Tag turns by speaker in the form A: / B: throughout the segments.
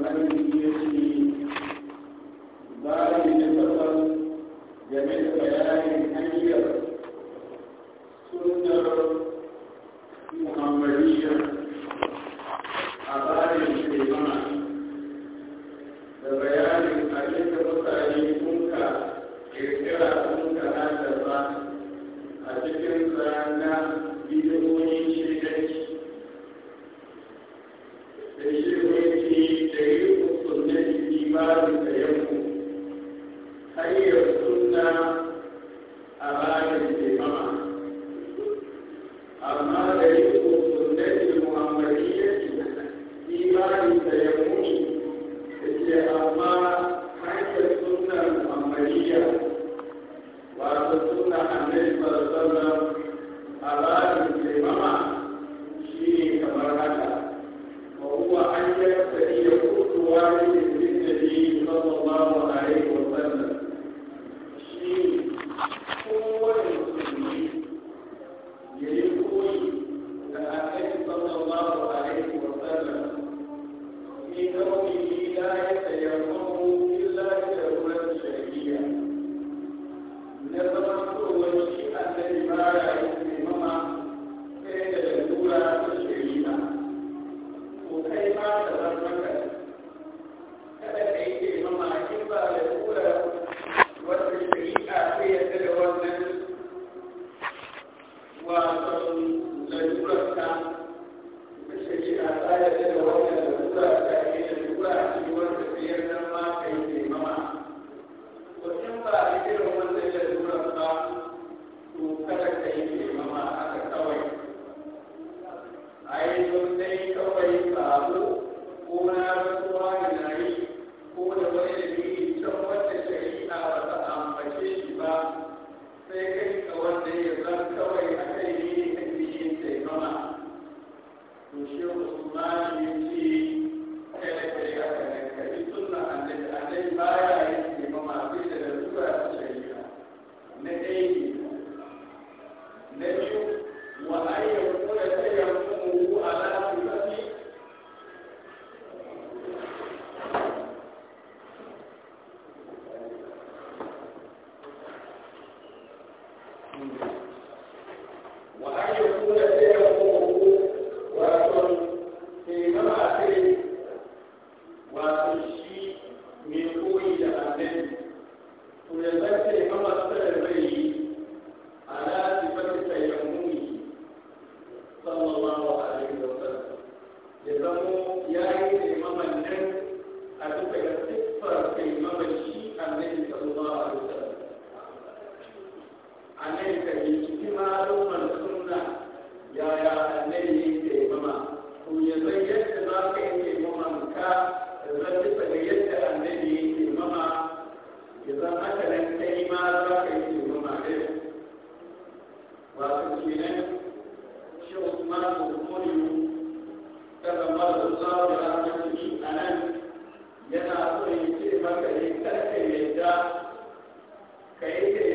A: Gracias. É,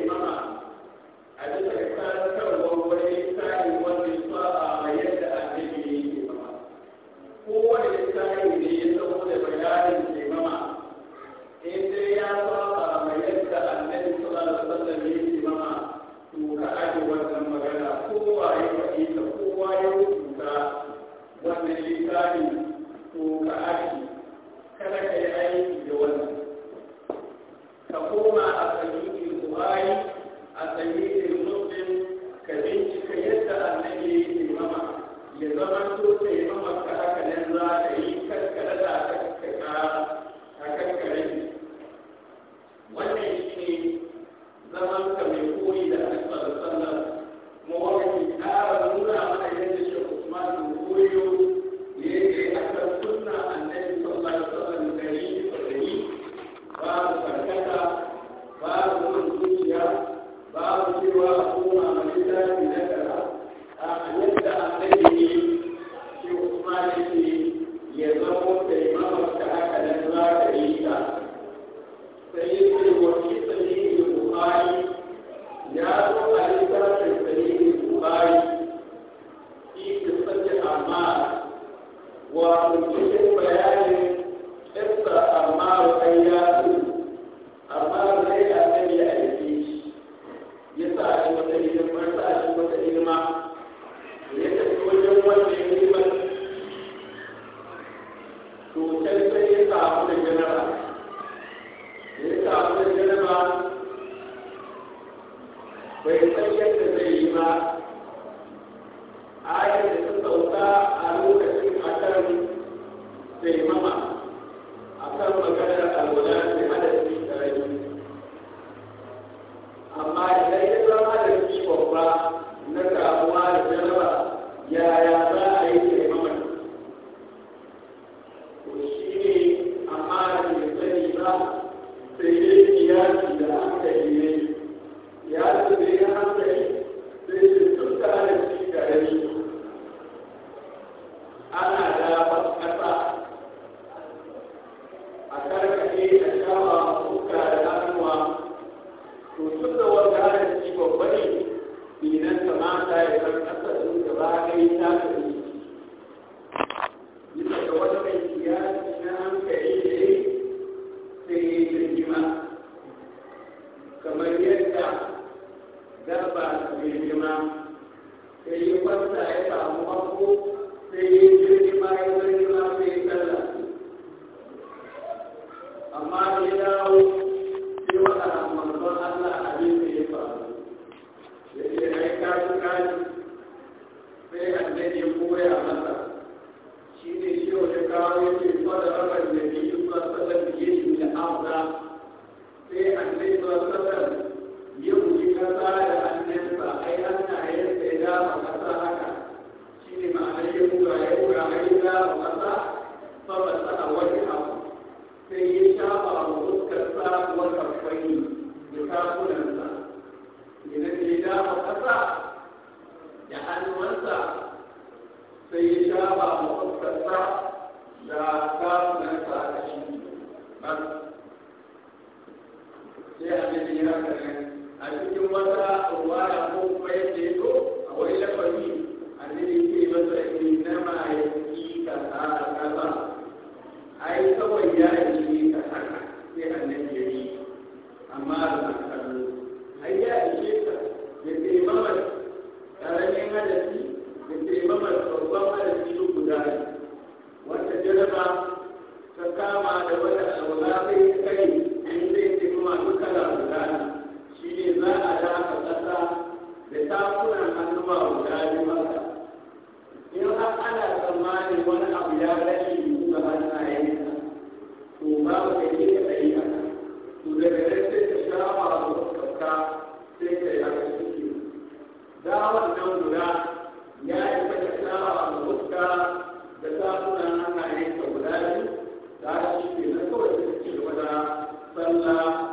A: وسلم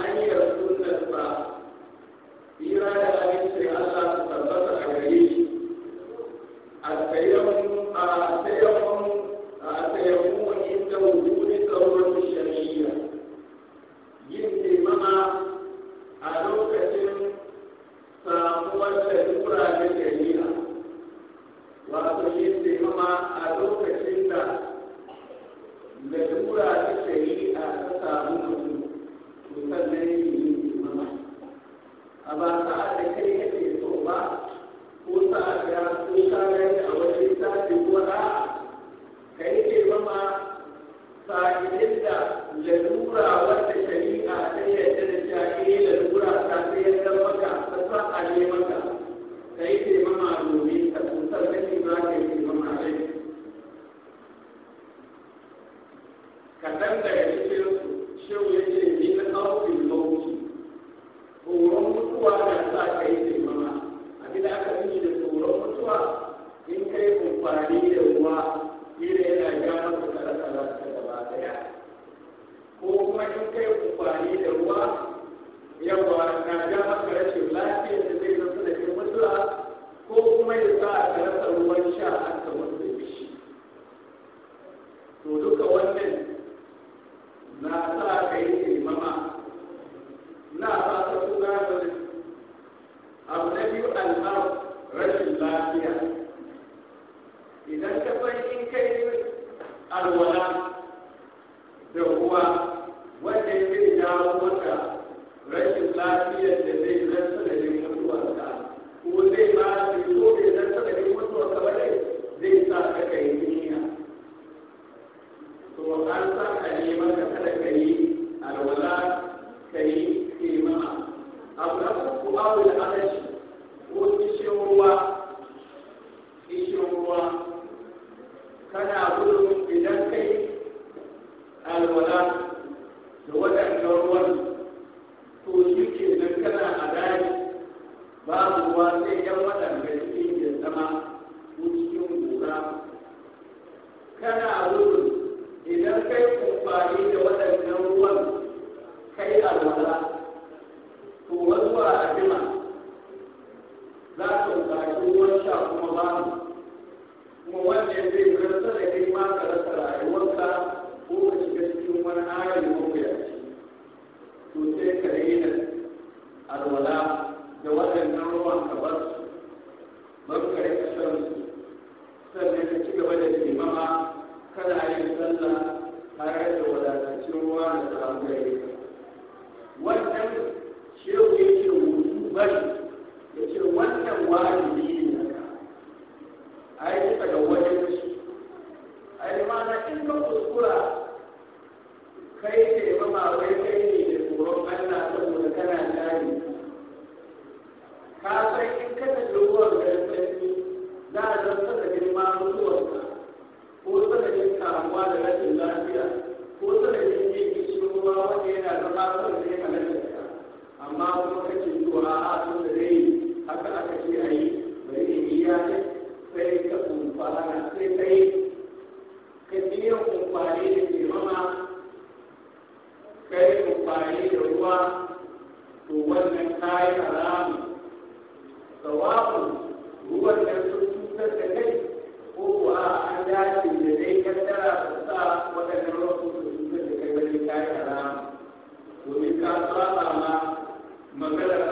A: an yi rasulun ba, ira da abin sai Allah in kai amfani da ruwa yawa na ga maka rashin lafiya da zai zama da mutuwa ko kuma ya sa a rasa ruwan sha kuma kake zuwa a sun da dai haka aka ce a yi bari in yi ya ne sai ka kumfana sai kai ka biya kumfani da ke mama kai kumfani da ruwa to wannan kayi haramu sawa'un ruwan nan sun cutar da kai ko kuwa an dace da dai kaddara su sa waɗannan ruwan sun cutar da kai wani kayi haramu magana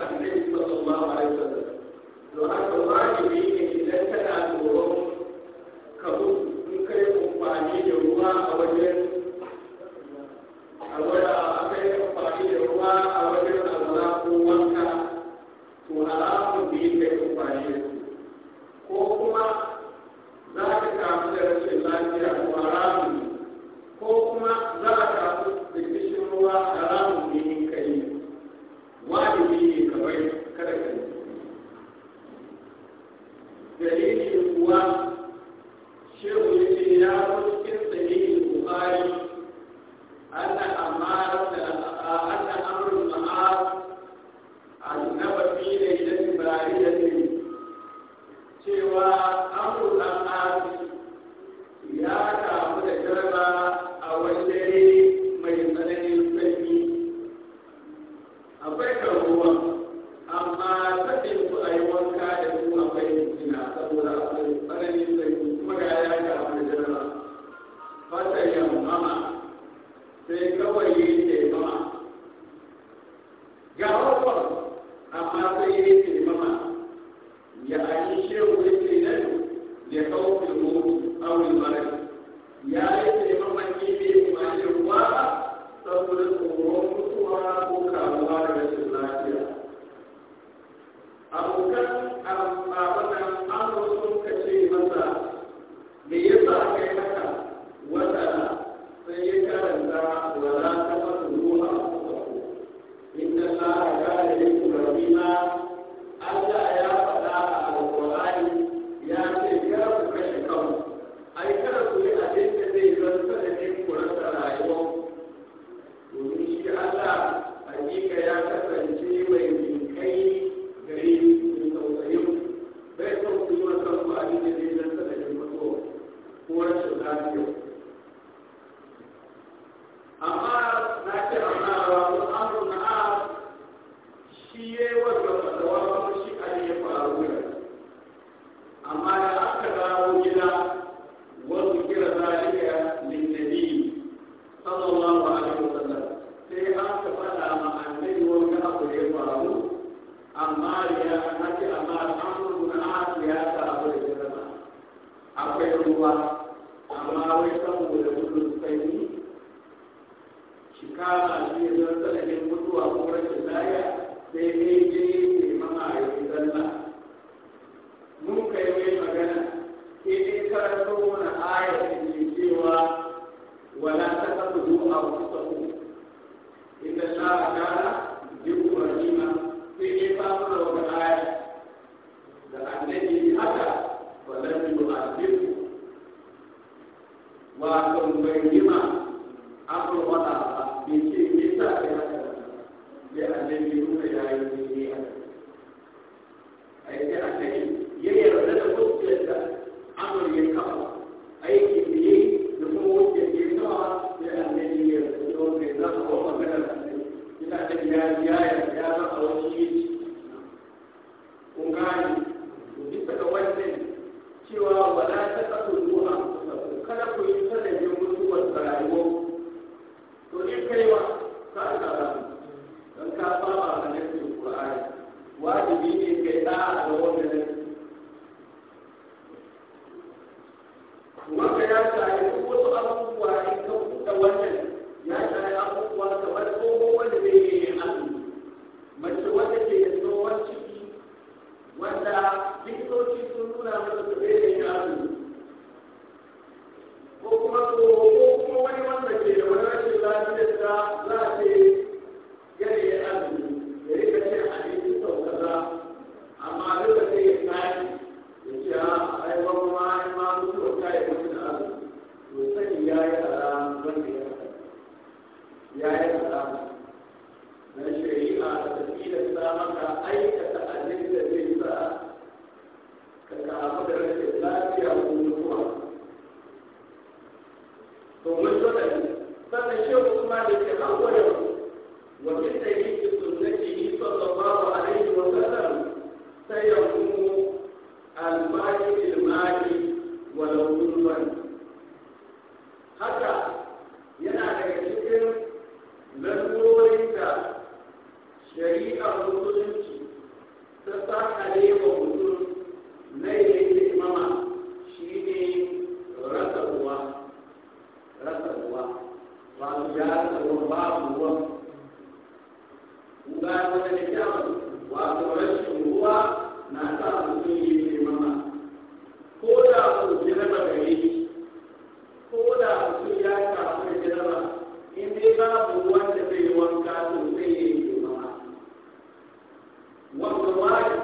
A: life.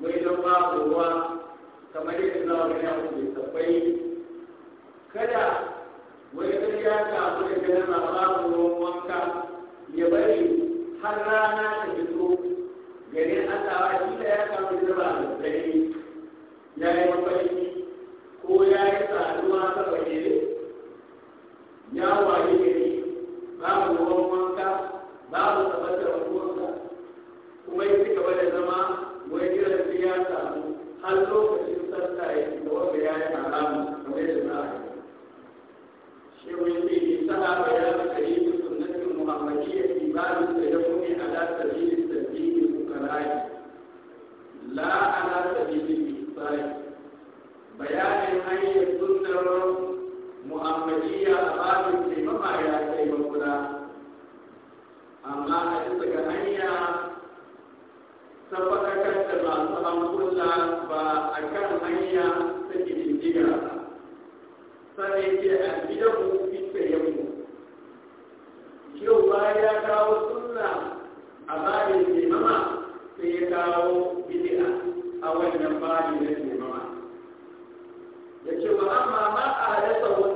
A: mai don babu ruwa kamar yadda za a gani abu mai tabbai kada wani gari ya ta abu da gani na babu ruwan wanka ya bari har rana ta fito an Allah shi da ya kama da ba da tsari ya yi mafarki ko ya yi saduwa ta bayyane ya waye gari babu ruwan wanka babu tabbatar wai ci ba da zama wai jiran siyasa har lokacin ta faɗakar da masu hankula ba a kan hanya ta ƙididdiga sannan ke a gidanmu fita yammu yau ba ya kawo sunna a babin limama sai ya kawo bid'a a wannan babin na limama ya ce ba amma ma a halatta wani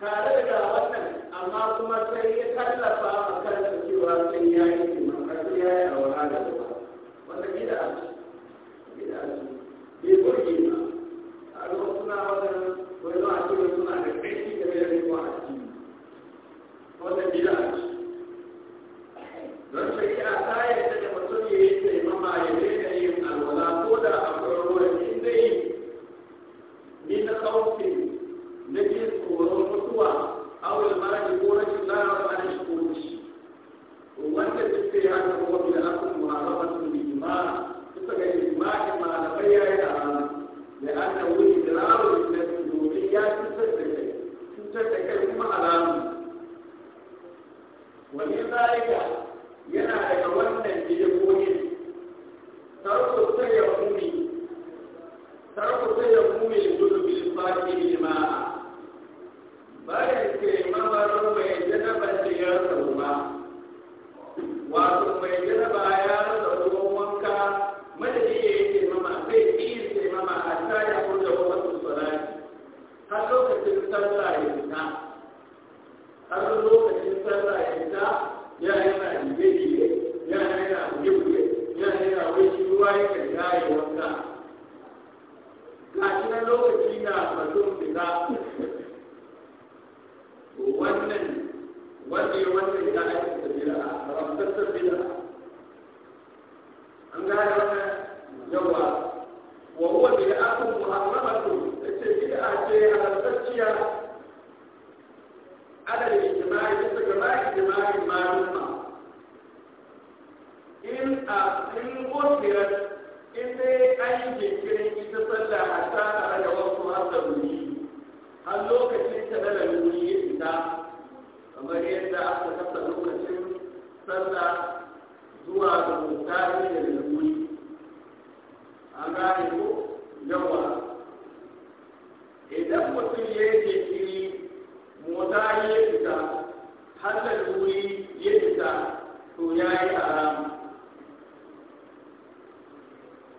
A: tare da wannan amma kuma sai ya tallafa a kansa cewa sai ya yi ya yi a wahala da wata gida a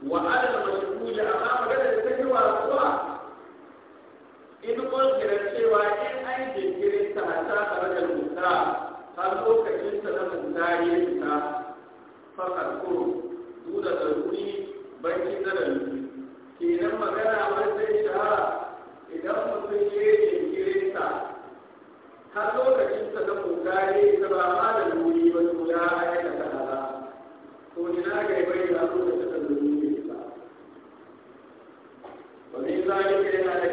A: وعلى المشهود أمام غير السجوى الصلاة إن قلت للشيوى إن أي خرج فالوك جنس فقد ضروري magana ya shahara idan mutum ya yi jinkirin har lokacin ba ma da ba ya ina bai zalim yana da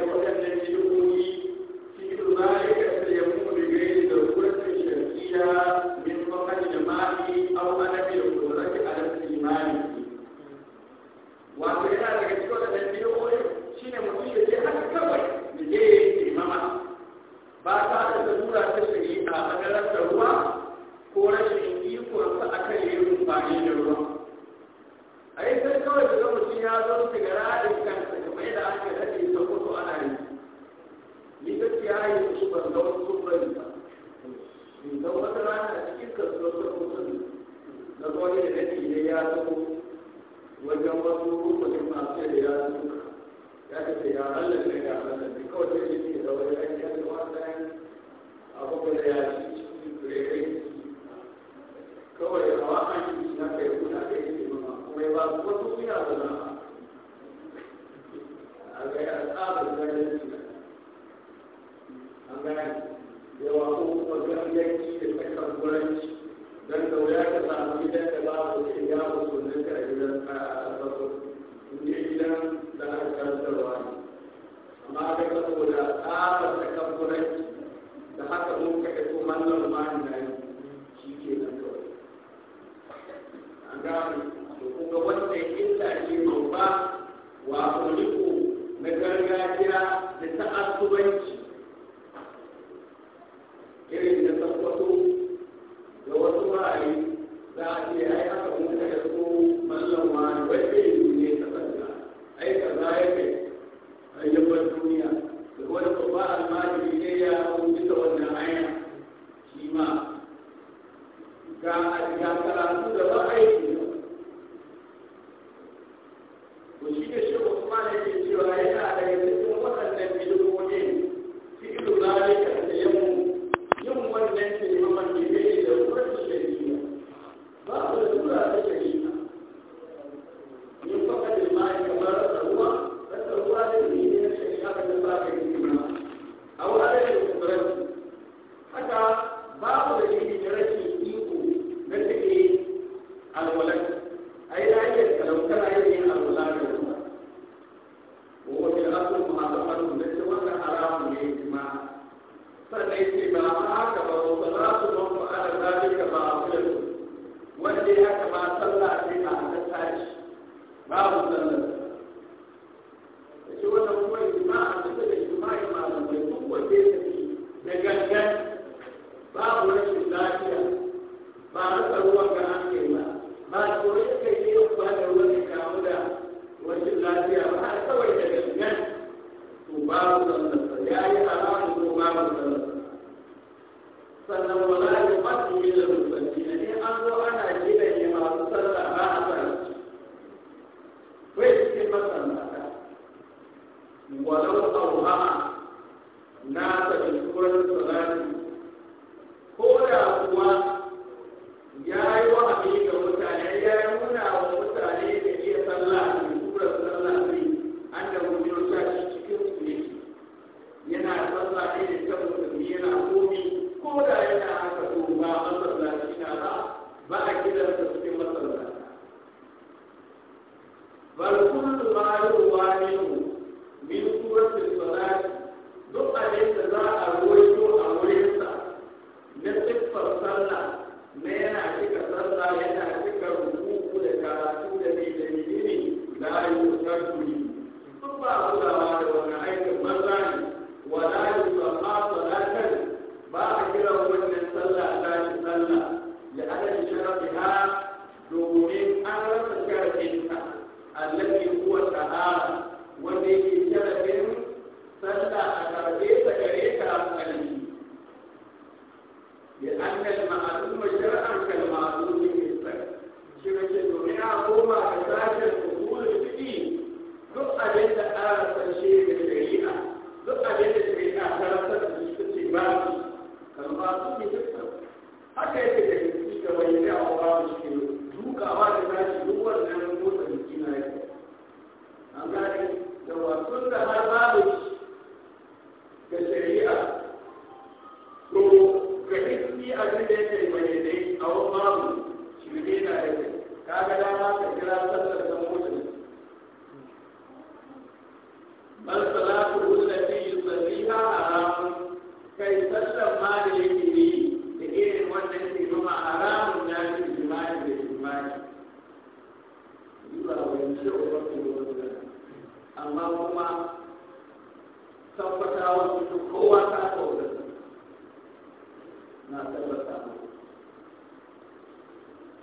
A: na kwari da nake ne ya zo wajen wasu rukunin masu da ya zo ya ce ya Allah ne ya Allah ne kawai sai ya ce da wani aiki ya zo wannan abu da ya ci rere kawai a wa'an na kai kuna kai ke mama kuma ya ba wasu suna sana'a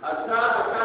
A: Achar, achar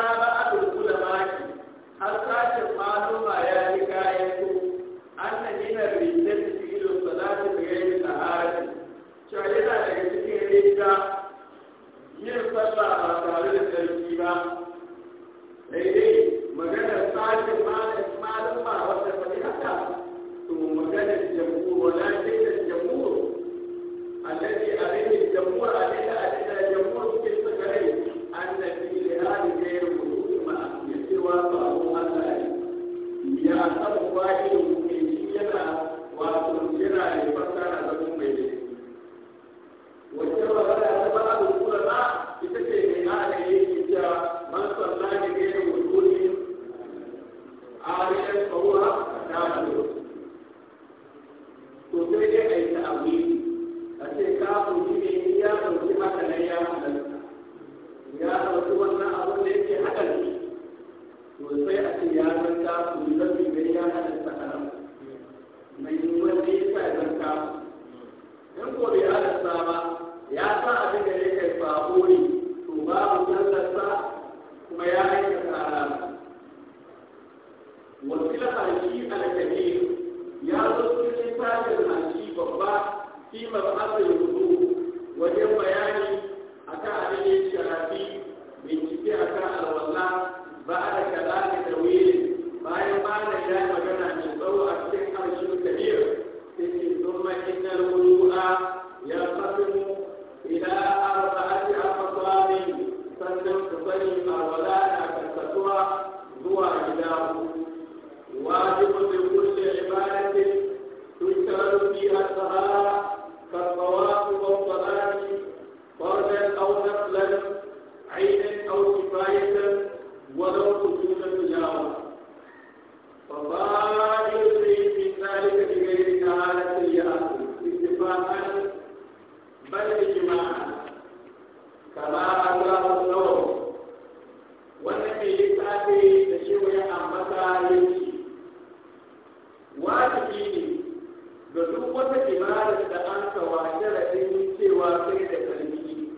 A: da duk wata imarar da an kawa sharadin cewa sai da karfi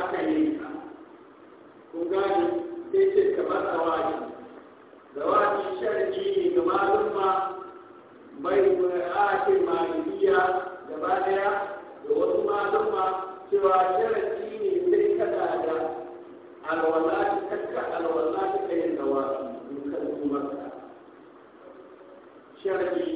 A: aka yi ta kun gane sai ce kamar zawadi zawadi sharadi ne ga malumma mai ƙashin malibiya gaba daya da wasu malumma cewa sharadi ne sai kada da alwala ta kakka alwala ta kayan zawadi in kan kuma sharadi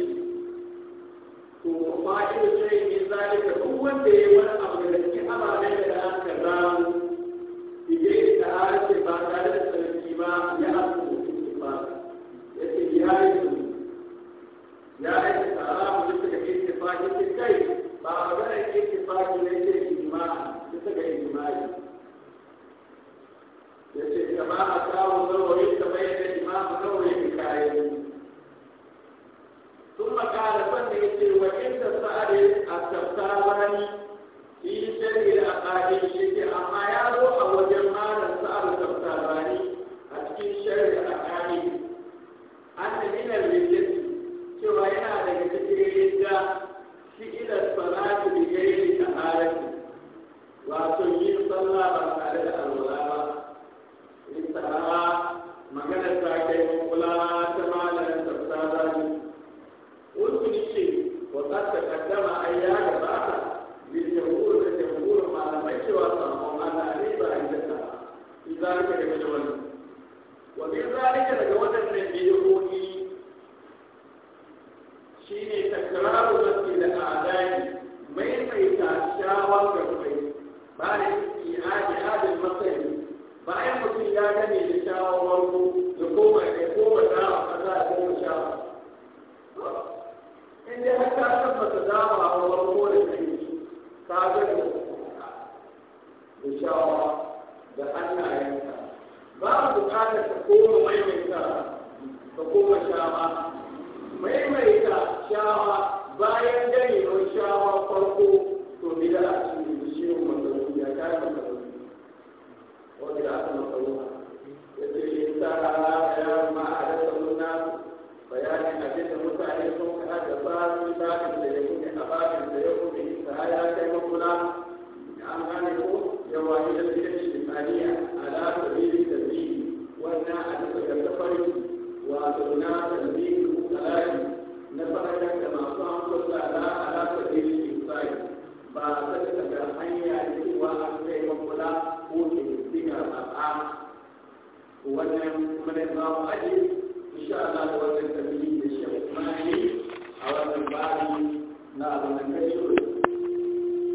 A: to ma ido sai ne zalika duk wanda ya wani abu da ke ababen da an ka zamu idan da ake ba tare da sarki ba ya abu